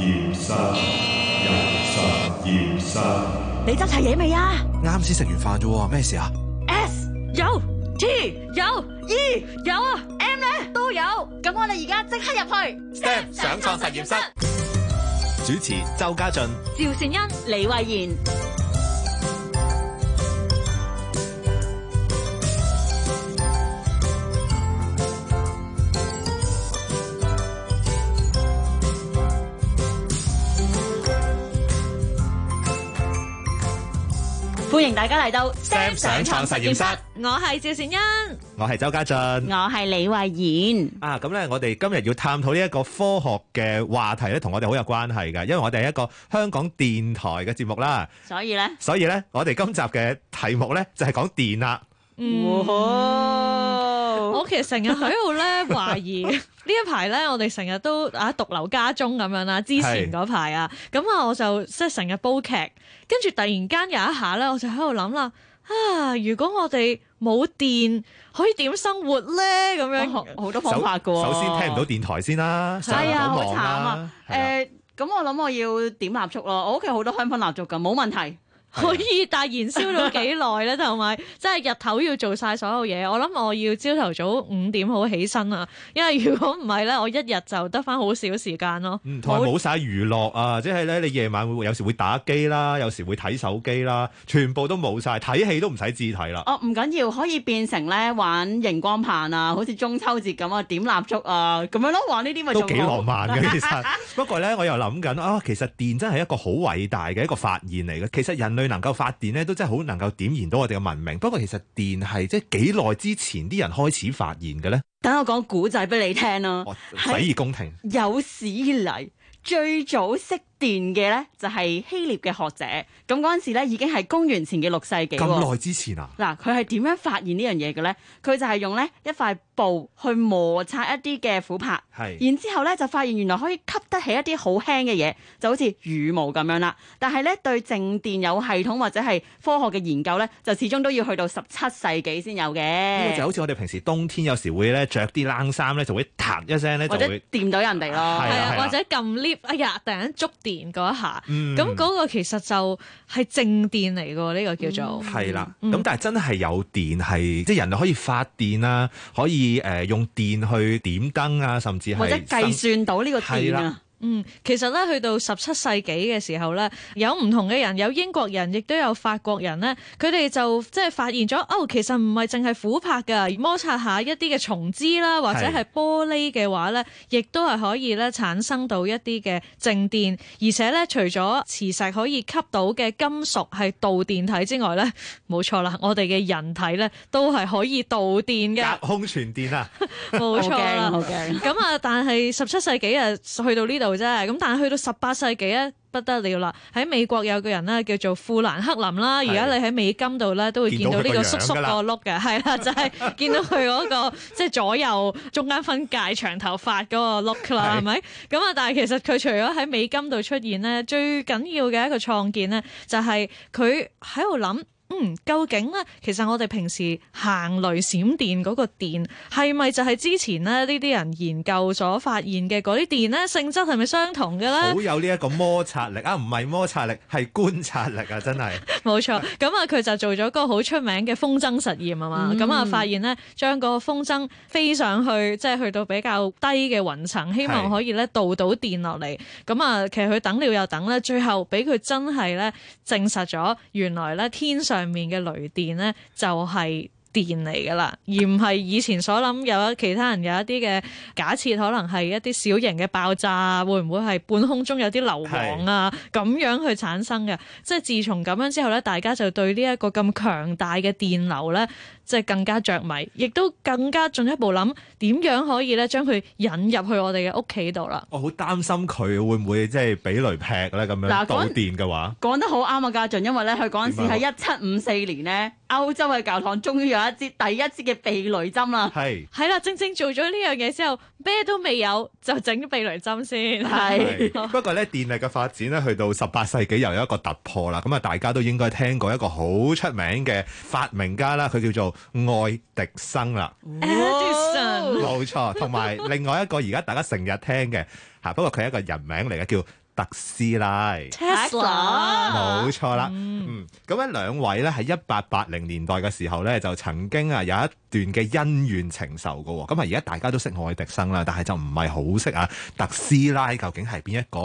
實驗室，實驗室，實驗室。你執齊嘢未啊？啱先食完飯啫，咩事啊？S 有，T 有，E 有啊，M 呢都有。咁我哋而家即刻入去。Step 上創實驗室。主持：周家俊、趙善恩、李慧嫻。歡迎大家嚟到 Sam 想創實驗室，我係趙善恩，我係周家俊，我係李慧賢啊！咁咧，我哋今日要探討呢一個科學嘅話題咧，同我哋好有關係噶，因為我哋係一個香港電台嘅節目啦。所以咧，所以咧，我哋今集嘅題目咧就係講電啦。嗯。 我其實成日喺度咧懷疑呢 一排咧，我哋成日都啊獨留家中咁樣啦。之前嗰排啊，咁啊我就即係成日煲劇，跟住突然間有一下咧，我就喺度諗啦啊！如果我哋冇電，可以點生活咧？咁樣好哇多方法噶。首先聽唔到電台先啦，上呀啦慘啊，好慘啊！誒、呃，咁我諗我要點蠟燭咯，我屋企好多香薰蠟燭噶，冇問題。可以，大燃燒咗幾耐咧？同埋， 即係日頭要做晒所有嘢，我諗我要朝頭早五點好起身啊，因為如果唔係咧，我一日就得返好少時間咯。同埋冇晒娛樂啊，即係咧你夜晚會有時會打機啦，有時會睇手機啦，全部都冇晒，睇戲都唔使自睇啦。哦，唔緊要，可以變成咧玩螢光棒啊，好似中秋節咁啊，點蠟燭啊，咁樣咯，玩呢啲咪都幾浪漫嘅其實。 不過咧，我又諗緊啊，其實電真係一個好偉大嘅一個發現嚟嘅，其實人佢能夠發電咧，都真係好能夠點燃到我哋嘅文明。不過其實電係即係幾耐之前啲人開始發現嘅咧？等我講古仔俾你聽咯。洗耳恭聽，有史以嚟最早識電嘅咧就係希臘嘅學者，咁嗰陣時咧已經係公元前嘅六世紀。咁耐之前啊！嗱，佢係點樣發現呢樣嘢嘅咧？佢就係用咧一塊布去摩擦一啲嘅琥珀，係是。然之後咧就發現原來可以吸得起一啲好輕嘅嘢，就好似羽毛咁樣啦。但係咧對靜電有系統或者係科學嘅研究咧，就始終都要去到十七世紀先有嘅。就好似我哋平時冬天有時會咧着啲冷衫咧，就會彈一聲咧就會掂到人哋咯，係說啊，啊，啊，或者撳 lift，哎呀突然間觸電嗰一下，咁個其實就係靜電嚟嘅，呢個叫做，係啦的，咁、嗯、但係真係有電係，即係人哋可以發電啦，可以誒、呃、用電去點燈啊，甚至係或者計算到呢個電啊。嗯，其實咧，去到十七世紀嘅時候咧，有唔同嘅人，有英國人，亦都有法國人咧，佢哋就即係發現咗，哦，其實唔係淨係琥珀噶，摩擦一下一啲嘅松脂啦，或者係玻璃嘅話咧，亦都係可以咧產生到一啲嘅靜電，而且咧，除咗磁石可以吸到嘅金屬係導電體之外咧，冇錯啦，我哋嘅人體咧都係可以導電嘅。隔空傳電啊！冇錯 啦，好驚。咁啊， 但係十七世紀啊，去到呢度。啫，咁但係去到十八世紀咧，不得了啦！喺美國有個人咧叫做富蘭克林啦。而家的你喺美金度咧都會見到呢個叔叔個 look 嘅，係啦， 就係、是、見到佢嗰、那個即係 左右中間分界長頭髮嗰個 look 啦，係咪？ 咁啊，但係其實佢除咗喺美金度出現咧，最緊要嘅一個創建咧，就係佢喺度諗。嗯，究竟咧，其實我哋平時行雷閃電個電係咪就係之前咧呢啲人研究所發現嘅啲電咧，性質係咪相同嘅咧？好有呢一個摩擦力啊，唔係摩擦力，係觀察力啊，真係冇錯。咁啊，佢就做咗個好出名嘅風箏實驗啊嘛。咁啊，嗯嗯、發現咧，將個風箏飛上去，即係去到比較低嘅雲層，希望可以咧導到電落嚟。咁啊，其實佢等了又等咧，最後俾佢真係咧證實咗，原來咧天上。上面嘅雷電呢，就係、是、電嚟噶啦，而唔係以前所諗有其他人有一啲嘅假設，可能係一啲小型嘅爆炸啊，會唔會係半空中有啲硫磺啊咁樣去產生嘅？即係自從咁樣之後呢，大家就對呢一個咁強大嘅電流呢。即係更加着迷，亦都更加進一步諗點樣可以咧將佢引入去我哋嘅屋企度啦。我好擔心佢會唔會即係俾雷劈咧咁樣。導電嘅話，講得好啱啊，家俊，因為咧佢嗰陣時係一七五四年呢，歐洲嘅教堂終於有一支第一支嘅避雷針啦。係係是啦，正正做咗呢樣嘢之後，咩都未有，就整避雷針先。係不過咧，電力嘅發展咧去到十八世紀又有一個突破啦。咁啊，大家都應該聽過一個好出名嘅發明家啦，佢叫做。愛迪生啦，冇 Wow! 錯，同埋另外一個而家大家成日聽嘅嚇， 不過佢係一個人名嚟嘅叫。特斯拉，冇錯啦。嗯，咁咧兩位咧，喺一八八零年代嘅時候咧，就曾經啊有一段嘅恩怨情仇噶。咁啊，而家大家都識愛迪生啦，但係就唔係好識啊特斯拉究竟係邊一個？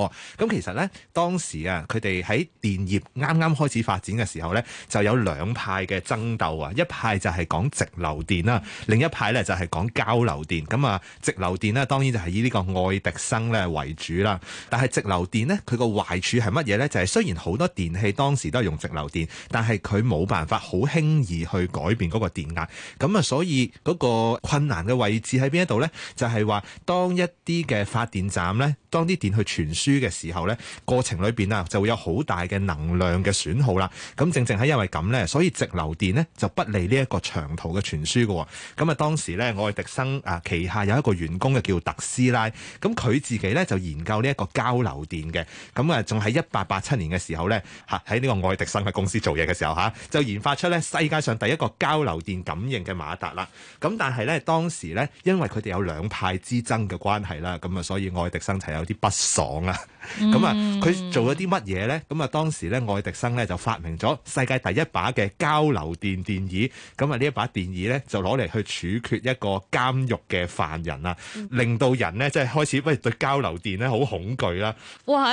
咁其實咧，當時啊，佢哋喺電業啱啱開始發展嘅時候咧，就有兩派嘅爭鬥啊。一派就係講直流電啦，另一派咧就係講交流電。咁啊，直流電咧，當然就係以呢個愛迪生咧為主啦。但係直流電。咧佢個壞處係乜嘢呢？就係雖然好多電器當時都係用直流電，但係佢冇辦法好輕易去改變嗰個電壓，咁啊，所以嗰個困難嘅位置喺邊一度呢？就係話當一啲嘅發電站呢，當啲電去傳輸嘅時候呢，過程裏邊啊就會有好大嘅能量嘅損耗啦。咁正正係因為咁呢，所以直流電呢就不利呢一個長途嘅傳輸噶。咁啊，當時咧，愛迪生啊旗下有一個員工嘅叫特斯拉，咁佢自己呢，就研究呢一個交流電。嘅咁啊，仲喺一八八七年嘅時候呢，嚇喺呢個愛迪生嘅公司做嘢嘅時候嚇、啊，就研發出呢世界上第一個交流電感應嘅馬達啦。咁但係呢，當時呢，因為佢哋有兩派之爭嘅關係啦，咁啊，所以愛迪生就有啲不爽啊。咁啊佢做咗啲乜嘢呢？咁啊當時呢，愛迪生呢就發明咗世界第一把嘅交流電電椅。咁啊呢一把電椅呢，就攞嚟去處決一個監獄嘅犯人啊，令到人呢，即係開始喂對交流電呢，好恐懼啦。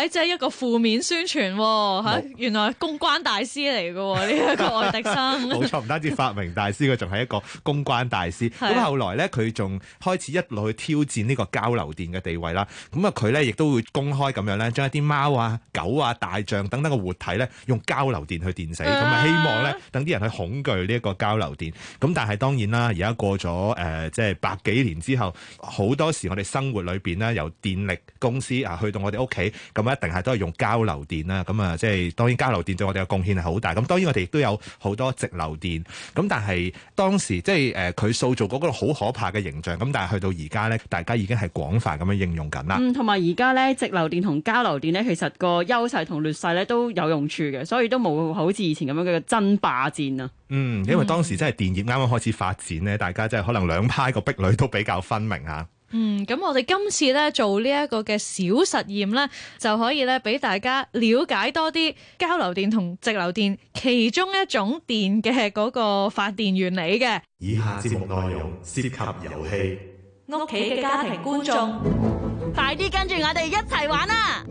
即係一個負面宣傳喎，原來公關大師嚟㗎呢一個愛迪生。冇 錯，唔單止發明大師，佢仲係一個公關大師。咁是後來咧，佢仲開始一路去挑戰呢個交流電嘅地位啦。咁啊，佢咧亦都會公開咁樣咧，將一啲貓啊、狗啊、大象等等嘅活體咧，用交流電去電死，咁啊 希望咧等啲人去恐懼呢一個交流電。咁但係當然啦，而家過咗誒、呃、即係百幾年之後，好多時我哋生活裏邊咧，由電力公司啊去到我哋屋企。咁一定係都係用交流電啦，咁啊，即係當然交流電對我哋嘅貢獻係好大。咁當然我哋亦都有好多直流電。咁但係當時即係誒佢塑造嗰個好可怕嘅形象。咁但係去到而家咧，大家已經係廣泛咁樣應用緊啦。嗯，同埋而家咧直流電同交流電咧，其實個優勢同劣勢咧都有用處嘅，所以都冇好似以前咁樣嘅爭霸戰啊。嗯，因為當時真係電業啱啱開始發展咧，嗯、大家真係可能兩派個壁壘都比較分明啊。嗯，咁我哋今次咧做呢一個嘅小實驗咧，就可以咧俾大家了解多啲交流電同直流電其中一種電嘅嗰個發電原理嘅。以下節目內容涉及遊戲，屋企嘅家庭觀眾， 快啲跟住我哋一齊玩啦。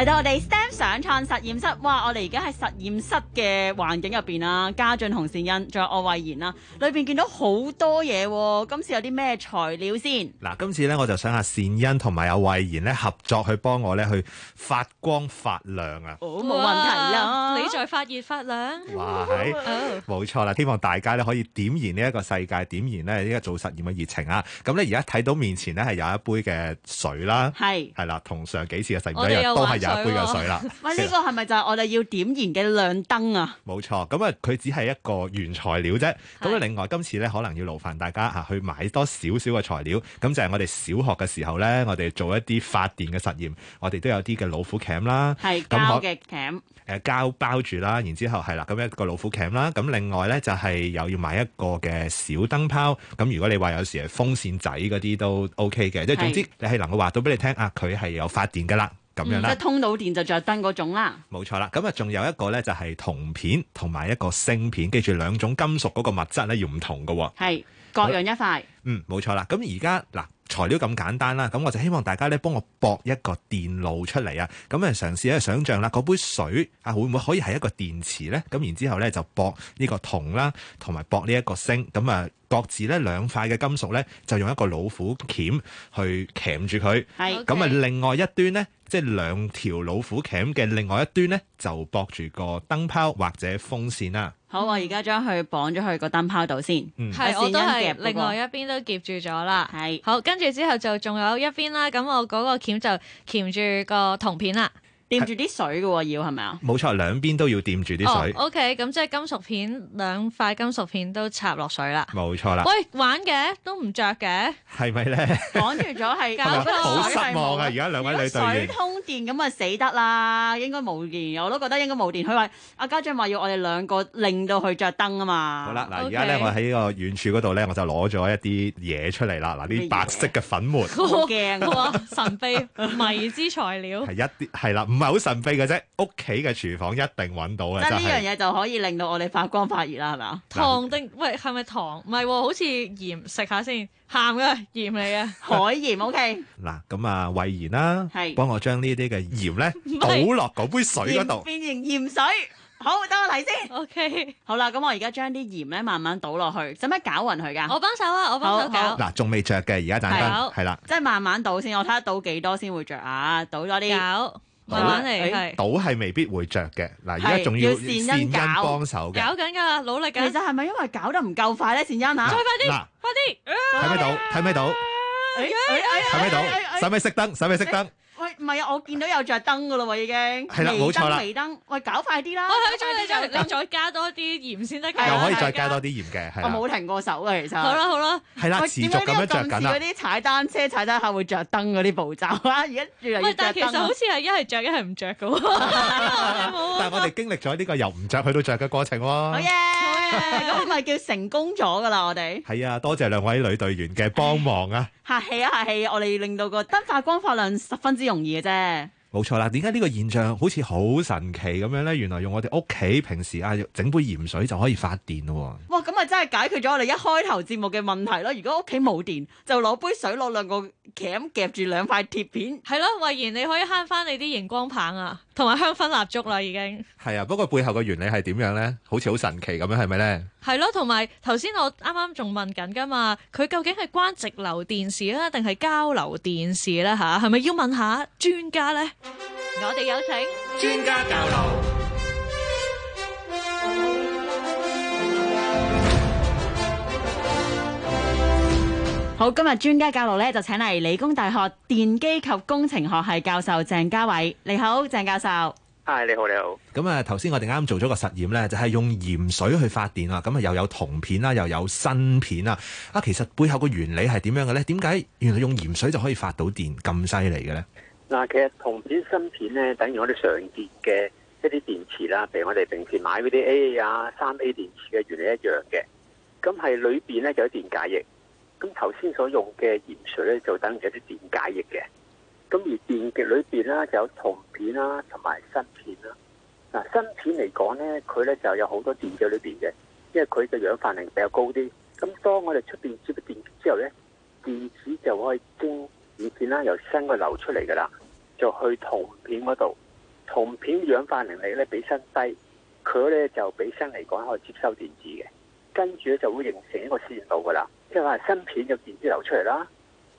嚟到我哋 STEM 上創實驗室，哇！我哋而家喺實驗室嘅環境入邊啊。嘉俊同善欣，仲有我慧妍啊，裏邊見到好多嘢。今次有啲咩材料先？嗱，今次咧我就想阿、啊、善欣同埋有慧妍咧合作去幫呢，去幫我咧去發光發亮啊！好、哦，冇問題啊！你再發熱發亮，哇！係，冇錯啦！希望大家咧可以點燃呢一個世界，點燃咧呢個做實驗嘅熱情啊！咁咧而家睇到面前呢係有一杯嘅水啦，係是，係啦，同上幾次嘅實驗一樣，都係有。一杯嘅水啦，喂、哦、呢、這個係咪就係我哋要點燃嘅亮燈啊？冇錯，咁啊，佢只係一個原材料啫。咁啊的，另外今次咧，可能要勞煩大家嚇去買多少少嘅材料。咁就係、是、我哋小學嘅時候咧，我哋做一啲發電嘅實驗，我哋都有啲嘅老虎蠶啦，係膠嘅鉗，誒膠包住啦。然之後係啦，咁一個老虎鉗啦。咁另外咧就係有要買一個嘅小燈泡。咁如果你話有時係風扇仔嗰啲都 OK 嘅，即係的總之你係能夠話到俾你聽啊，佢係有發電㗎啦。咁樣啦，通到電就着燈嗰種啦，冇錯啦。咁啊，仲有一個咧，就係銅片同埋一個鋅片，記住兩種金屬嗰個物質咧要唔同嘅、哦，係各樣一塊。嗯，冇錯啦。咁而家嗱。材料咁簡單啦，咁我就希望大家咧幫我駁一個電路出嚟啊！咁啊，嘗試一個想像啦，嗰杯水啊，會唔會可以係一個電池呢？咁然之後咧就駁呢個銅啦，同埋駁呢一個鋅。咁啊，各自咧兩塊嘅金屬呢，就用一個老虎鉗去鉗住佢。係是。咁啊，另外一端呢，Okay. 即係兩條老虎鉗嘅另外一端呢，就駁住個燈泡或者風扇啦。好，我而家將佢綁咗去個燈泡度先。係、嗯，我都係另外一邊都夾住咗啦。係。好，跟。跟住之後就仲有一邊啦，咁我嗰個鉗就鉗住個銅片啦。掂住啲水嘅要係咪啊？冇錯，兩邊都要掂住啲水。OK，咁即係金屬片，兩塊金屬片都插落水啦。冇錯啦。喂，玩嘅都唔着嘅，係咪咧？講住咗係， 好失望啊！而家兩位女仔，水通電咁啊死得啦，應該冇電，我都覺得應該冇電。佢話阿家長話要我哋兩個令到佢着燈啊嘛。好啦，嗱，而家咧我喺個遠處嗰度咧，我就攞咗一啲嘢出嚟啦。嗱，啲白色嘅粉末，鏡 哇，神秘 迷之材料，係一啲係啦。唔係好神秘嘅啫，屋企嘅廚房一定揾到嘅。但係呢樣嘢就可以令到我哋發光發熱啦，係咪啊？糖定？喂，係咪糖？唔係，好似鹽，食下先鹹嘅鹽嚟嘅海鹽，OK。嗱，咁啊，味鹽啦，係，幫我將呢啲嘅鹽咧倒落嗰杯水嗰度，變成鹽水。好，等我嚟先，OK。好啦，咁我而家將啲鹽咧慢慢倒落去，使乜攪匀佢噶？我幫手啊，我幫手攪。嗱，仲未著嘅，而家等緊，係啦，即係慢慢倒先，我睇下倒幾多先會著啊？倒多啲。慢慢嚟，倒係未必會着嘅。嗱，而家仲要善恩幫手，搞緊㗎，努力緊。其實係咪因為搞得唔夠快咧？善恩啊，再快啲，快啲，睇咩到？睇咩到？睇咩到？使唔使熄燈？使唔使熄燈？喂，唔係啊，我見到有着燈嘅咯喎，已經係的沒 啦，冇錯未微燈，喂，搞快啲啦！你再再再加多啲鹽先得， 又可以再加多啲鹽嘅，我冇停過手嘅其實。好啦好啦，係啦，持續咁樣著緊啦。啲踩單車踩得下會着燈嗰啲步驟啦，而 家越嚟越、啊、 但係其實好似係一係着一係唔着嘅喎。 但係我哋 經歷咗呢個由唔着去到着嘅過程喎。好 嘢、oh yeah。咁咪 叫成功咗噶啦，我哋係啊，多謝兩位女隊員嘅幫忙啊！ 客氣啊，客氣，我哋令到個燈發光發亮十分之容易嘅啫。冇錯啦，點解呢個現象好似好神奇咁樣呢？原來用我哋屋企平時啊，整杯鹽水就可以發電喎，啊！哇，咁啊真係解決咗我哋一開頭節目嘅問題咯！如果屋企冇電，就攞杯水，攞兩個鉗夾住兩塊鐵片。係咯，慧 然你可以慳翻你啲熒光棒啊，同埋香薰蠟燭啦，已經。係啊，不過背後嘅原理係點樣呢？好似好神奇咁樣，係咪呢？係咯，同埋頭先我啱啱仲問緊㗎嘛，佢究竟係關直流電視啊，定係交流電視咧，啊？嚇，係咪要問下專家呢？我哋有請專家教路。好，今日專家教路呢，就請嚟理工大學電機及工程學系教授鄭家偉。你好，鄭教授。Hi，你好，你好。咁啊，頭先我哋啱做咗個實驗呢，就係、是、用鹽水去發電啊。咁啊，又有銅片啦，又有鋅片啦。啊，其實背後個原理係點樣嘅呢？點解原來用鹽水就可以發到電咁犀利嘅呢？嗱，其實銅片、芯片咧，等於我哋常見嘅一啲電池啦，譬如我哋平時買嗰啲 A 啊、三 A 電池嘅原理一樣嘅。咁係裏邊咧就有電解液，咁頭先所用嘅鹽水咧就等於一啲電解液嘅。咁而電極裏邊咧就有銅片啦，同埋芯片啦。嗱、啊，芯片嚟講咧，佢咧就有好多電喺裏邊嘅，因為佢嘅氧化能比較高啲。咁當我哋出邊接咗電極之後咧，電子就可以經電極啦由芯嗰度流出嚟噶啦。就去銅片嗰度，銅片氧化能力咧比鋅低，佢咧就比鋅嚟講可以接收電子嘅，跟住咧就會形成一個線路噶啦。即係話鋅片就電子流出嚟啦，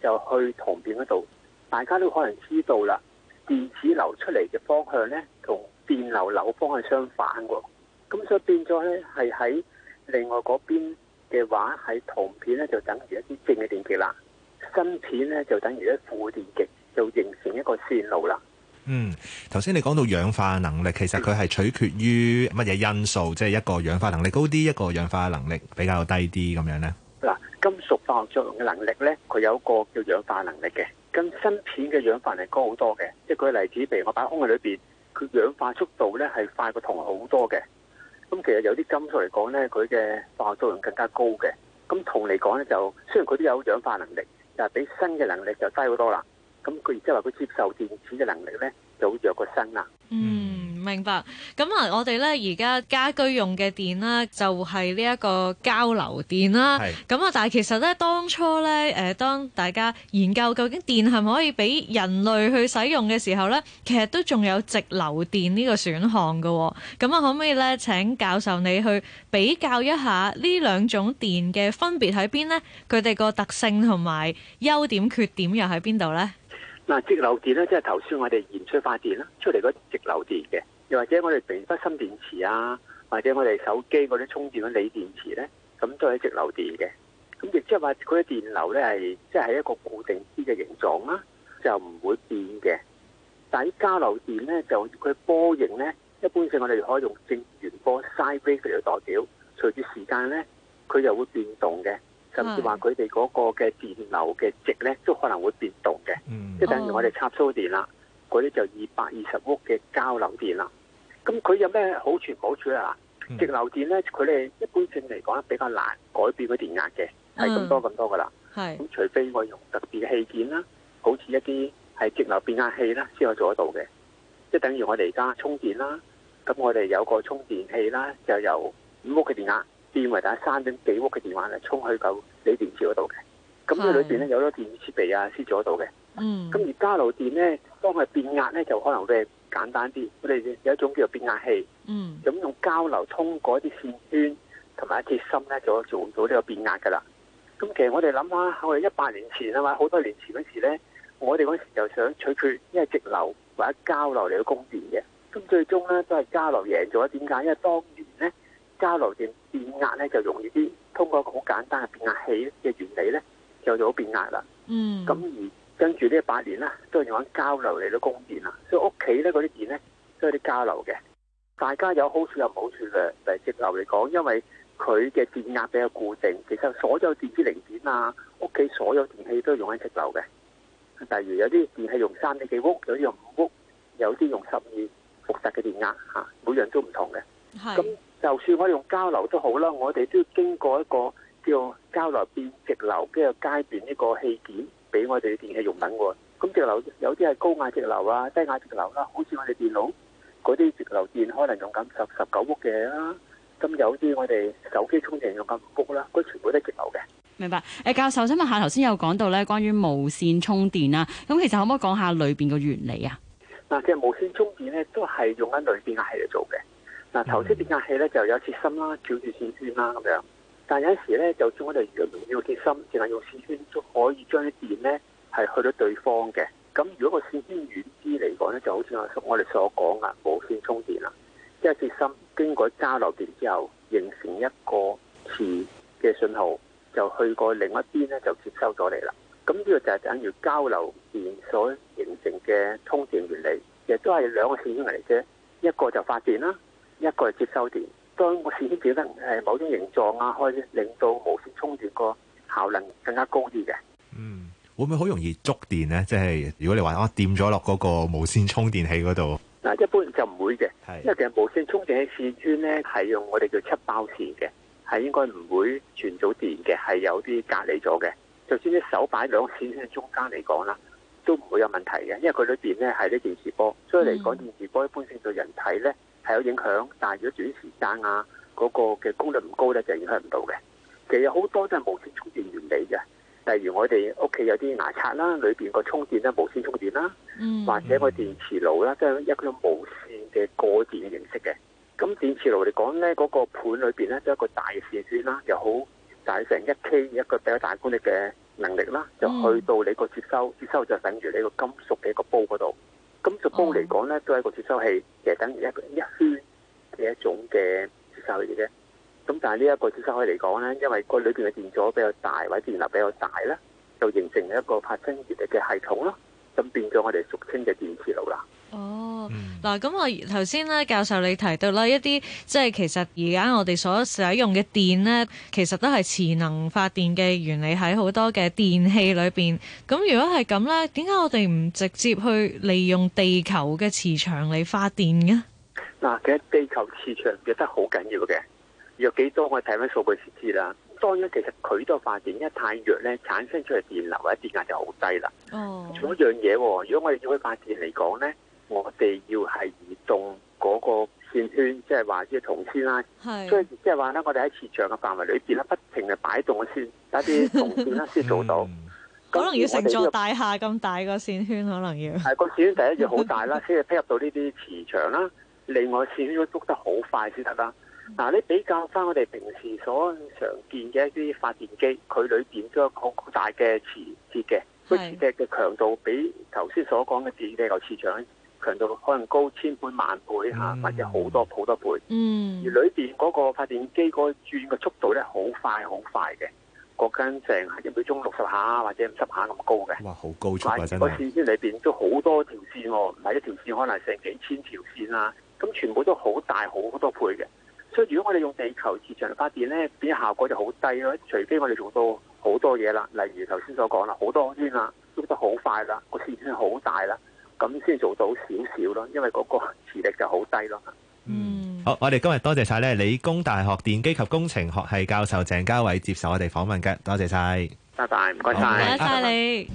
就去銅片嗰度。大家都可能知道啦，電子流出嚟嘅方向咧同電流流方向相反喎。咁所以變咗咧係喺另外嗰邊嘅話，喺銅片咧就等於一啲正嘅電極啦，鋅片咧就等於一啲負電極。就形成一個線路啦。嗯，頭先你講到氧化能力，其實佢係取決於乜嘢因素？嗯、即係一個氧化能力高啲，一個氧化能力比較低啲咁樣呢，嗱、嗯，金屬化學作用嘅能力呢，佢有一個叫氧化能力嘅，咁鋅片嘅氧化能力高好多嘅。即係舉例子，譬如我擺空氣裏邊，佢氧化速度呢係快過銅好多嘅。咁其實有啲金屬嚟講呢，佢嘅化學作用更加高嘅。咁銅嚟講呢，就雖然佢都有氧化能力，但係比鋅嘅能力就低好多啦。咁佢即係話佢接受電錢嘅能力咧，就會弱過新啦。嗯，明白。咁啊，我哋咧，而家家居用嘅電啦，就係呢一個交流電啦。咁啊是，但係其實咧，當初咧，誒，當大家研究究竟電係咪可以俾人類去使用嘅時候咧，其實都仲有直流電呢個選項㗎。咁啊，可唔可以咧，請教授你去比較一下呢兩種電嘅分別喺邊咧？佢哋個特性同埋優點缺點又喺邊度咧？嗱，直流電咧，即係頭先我哋燃燒發電啦，出嚟嗰直流電嘅，又或者我哋蘋不心電池啊，或者我哋手機嗰啲充電嘅啲電池咧，咁都係直流電嘅。咁亦即係話，佢嘅電流咧係即係一個固定啲嘅形狀啦，就唔會變嘅。但係交流電咧，就佢波形咧，一般性我哋可以用正弦波 （sine w 嚟代表，隨住時間咧，佢就會變動嘅。甚至話佢哋嗰個嘅電流嘅值咧，都可能會變動嘅。即係、嗯、等於我哋插蘇電啦，嗰啲、哦、就二百二十伏嘅交流電啦。咁佢有咩好處唔好處啊？嗯、直流電咧，佢哋一般性嚟講比較難改變個電壓嘅，係咁多咁多噶啦。係、嗯，咁除非我用特別嘅器件啦，好似一啲係直流變壓器啦，先可以做得到嘅。即係等於我哋而家充電啦，咁我哋有個充電器啦，就由五伏嘅電壓。變為打三頂幾屋嘅電話嚟充去夠鋰電池嗰度嘅。咁佢的裏邊咧有咗電設備啊，先做得到嘅。嗯。咁而交流電咧，當係變壓咧，就可能會簡單啲，我哋有一種叫做變壓器。嗯。咁用交流通過一啲線圈，同埋一啲芯咧，就做到呢個變壓噶啦。咁其實我哋諗下啦，我哋一百年前啊嘛，好多年前嗰時咧，我哋嗰時就想取決，因為直流或者交流嚟到供電嘅。咁最終咧都係交流贏咗，點解？因為當年咧。交流電電壓咧就容易啲通過好簡單嘅變壓器嘅原理咧，就做好變壓啦。嗯、mm.，咁而跟住呢一百年咧都係用緊交流嚟到供電啦。所以屋企咧嗰啲電咧都係啲交流嘅。大家有好處有唔好處嘅，嚟直流嚟講，因為佢嘅電壓比較固定。其實所有電子零件啊，屋企所有電器都用緊直流嘅。例如有啲電器用三嘅幾屋，有啲用五屋，有啲用十二伏特嘅電壓吓，每樣都唔同嘅。係咁是。就算我用交流都好啦，我哋都要經過一個叫交流變直流嘅階段，呢個器件，俾我哋電器用品。咁直流有啲係高壓直流啊，低壓直流啦。好似我哋電腦嗰啲直流電，可能用緊十十九伏嘅啦。咁有啲我哋手機充電用緊五伏啦，佢全部都係直流嘅。明白？誒，教授想問下，頭先有講到咧，關於無線充電啦，咁其實可唔可以講下裏邊個原理啊？嗱，即係無線充電咧，都係用喺裏邊嘅係嚟做嘅。嗱，頭先、嗯、變壓器咧就有鐵芯啦，繞住線圈啦、啊、咁樣。但有陣時咧，就將我哋用呢個鐵芯，淨係用線圈都可以將啲電咧係去到對方嘅。咁如果個線圈遠啲嚟講咧，就好似我所我哋所講啊，無線充電啦，即係鐵芯經過交流電之後，形成一個磁嘅信號，就去過另一邊咧就接收咗嚟啦。咁呢個就係等於交流電所形成嘅充電原理，亦都係兩個線圈嚟嘅，啫，一個就發電啦。一個係接收電，當我事先表得誒某種形狀啊，可以令到無線充電個效能更加高啲嘅。嗯，會唔會好容易觸電咧？即係如果你話我掂咗落嗰個無線充電器嗰度，嗱，一般就唔會嘅，是因為其實無線充電器線圈咧係用我哋叫七包線嘅，係應該唔會全導電嘅，係有啲隔離咗嘅。就算啲手擺兩線圈喺中間嚟講啦，都唔會有問題嘅，因為佢裏邊咧係啲電磁波，所以嚟講電磁波一般性對人體咧。嗯有影響，但係如果短時間啊嗰個嘅功率唔高咧，就影響唔到嘅。其實有好多都係無線充電原理嘅。例如我哋屋企有啲牙刷啦，裏邊個充電咧無線充電啦，嗯、或者個電磁爐啦，都、就、係、是、一個無線嘅過電嘅形式嘅。咁電磁爐嚟講咧，嗰、那個盤裏邊咧都一個大線圈啦，又好大成一 K 一個比較大功率嘅能力啦，嗯、就去到你個接收，接收就等住你個金屬嘅一個煲嗰度。咁就，煲嚟講咧，都係一個接收器，其實等於一一圈嘅一種嘅接收器嘅。咁但係呢一個接收器嚟講咧，因為個裏邊嘅電阻比較大或者電流比較大咧，就形成一個發生熱力嘅系統咯，咁變咗我哋俗稱嘅電磁爐啦。哦，嗱、嗯，咁我頭先咧，教授你提到啦，一啲即係其實而家我哋所使用嘅電咧，其實都係磁能發電嘅原理喺好多嘅電器裏邊。咁如果係咁咧，點解我哋唔直接去利用地球嘅磁場嚟發電嘅？嗱，其實地球磁場弱得好緊要嘅，弱幾多我睇翻數據先知啦。當然，其實佢都發電，因為太弱咧，產生出嚟電流或者電壓就好低啦。哦，仲有一樣嘢，如果我哋要去發電嚟講咧。我哋要係移動嗰個線圈，即係話啲銅線啦。係是，即係話咧，我哋喺磁場嘅範圍裏邊咧，不停嘅擺動個線，一啲銅線啦先做到。 嗯、那可能要成座大廈咁大個線圈，可能要。係個線圈第一要好大啦，先至配合到呢啲磁場啦。另外線圈要縮得好快先得啦。嗱， 你比較翻我哋平時所常見嘅一啲發電機，佢裏邊都有好大嘅磁鐵嘅，個磁鐵嘅強度比頭先所講嘅地球磁場。強度可能高千倍、萬倍嚇，或者好多好，嗯、多倍。嗯，而裏邊嗰個發電機個轉嘅速度咧，好快、好快嘅。嗰間成一秒鐘六十下或者五十下咁高嘅。哇，好高，啊！真係，真係。個線圈裏邊都好多條線喎，啊，唔係一條線可能成幾千條線啦，啊。咁全部都好大，好多倍嘅。所以如果我哋用地球磁場發電咧，變咗效果就好低咯，啊。除非我哋做到好多嘢啦，啊，例如頭先所講啦，好多圈啦，啊，喐得好快啦，啊，個線圈好大啦，啊。咁先做到少少咯，因為嗰個磁力就好低咯。嗯，好，我哋今日多謝晒咧，理工大學電機及工程學系教授鄭家偉接受我哋訪問嘅，多謝晒，拜拜，唔該晒，唔該晒你。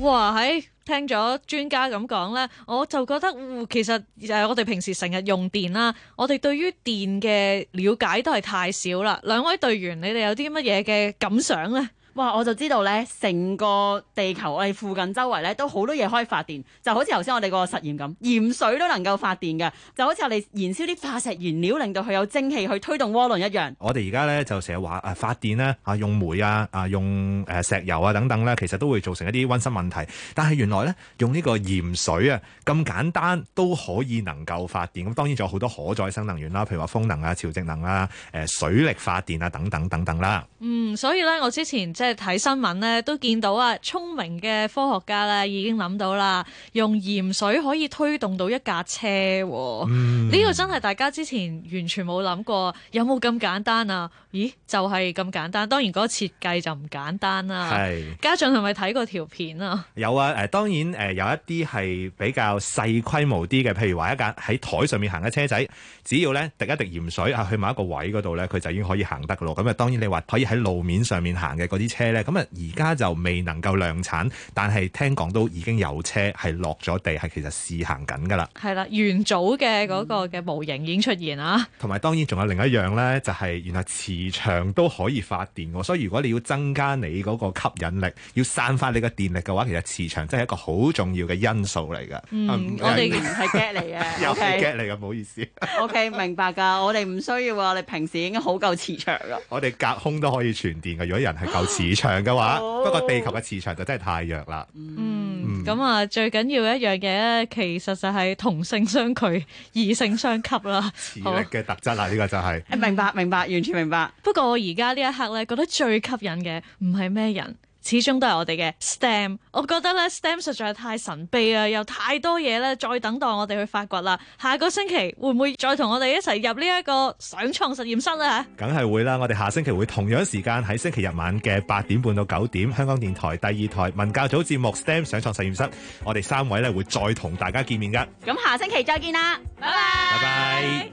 哇，喺、啊、聽咗專家咁講咧，我就覺得，其實誒，我哋平時成日用電啦，我哋對於電嘅了解都係太少啦。兩位隊員，你哋有啲乜嘢嘅感想咧？哇！我就知道呢成個地球我哋附近周圍呢都好多嘢可以發電，就好似頭先我哋個實驗咁，鹽水都能夠發電嘅，就好似我哋燃燒啲化石燃料令到佢有蒸汽去推動渦輪一樣。我哋而家呢，就成日話誒發電呢啊用煤啊啊用誒石油啊等等呢，其實都會造成一啲溫室問題。但係原來呢，用呢個鹽水啊咁簡單都可以能夠發電。咁、啊、當然仲有好多可再生能源啦，譬如話風能啊、潮汐能啊、誒、啊、水力發電啊等等等等啦。嗯，所以呢，我之前。即係睇新聞咧，都見到啊，聰明嘅科學家咧已經諗到啦，用鹽水可以推動到一架車，哦。呢、嗯、個真係大家之前完全冇諗過，有冇咁簡單啊？咦，就係、是、咁簡單？當然嗰個設計就唔簡單啦，啊。家偉係咪睇過條片啊？有啊，誒、呃，當然誒，有一啲係比較細規模啲嘅，譬如話一架喺台上面行嘅車仔，只要咧滴一滴鹽水啊，去某一個位嗰度咧，佢就已經可以行得噶咯。咁啊，當然你話可以喺路面上面行嘅嗰啲。車咧，咁啊，而家就未能夠量產，但係聽講都已經有車係落咗地，係其實試行緊噶啦。係啦，元祖嘅嗰個嘅模型已經出現啦。同埋，當然仲有另一樣咧，就係、是、原來磁場都可以發電，所以如果你要增加你嗰個吸引力，要散發你嘅電力嘅話，其實磁場真係一個好重要嘅因素嚟噶。嗯 um, 我哋係 get 嚟嘅，有 get 嚟嘅，唔 Okay. 好意思。O、okay, K，明白噶，我哋唔需要話，你平時已經好夠磁場噶。我哋隔空都可以傳電噶，如果人係夠磁。 磁場嘅話，不過地球嘅磁場就真係太弱啦。嗯，咁啊、嗯，最緊要一樣嘢咧，其實就係同性相拒，異性相吸啦。磁力嘅特質啦，呢個就係。誒，明白明白，完全明白。不過我而家呢一刻咧，覺得最吸引嘅唔係咩人。始終都係我哋嘅 STEM，我覺得咧 STEM 實在係太神秘啊，有太多嘢咧，再等待我哋去發掘啦。下個星期會唔會再同我哋一齊入呢一個想創實驗室咧、啊？梗係會啦！我哋下星期會同樣時間喺星期日晚嘅八點半到九點，香港電台第二台文教組節目 STEM 想創實驗室，我哋三位咧會再同大家見面噶。咁下星期再見啦，拜拜。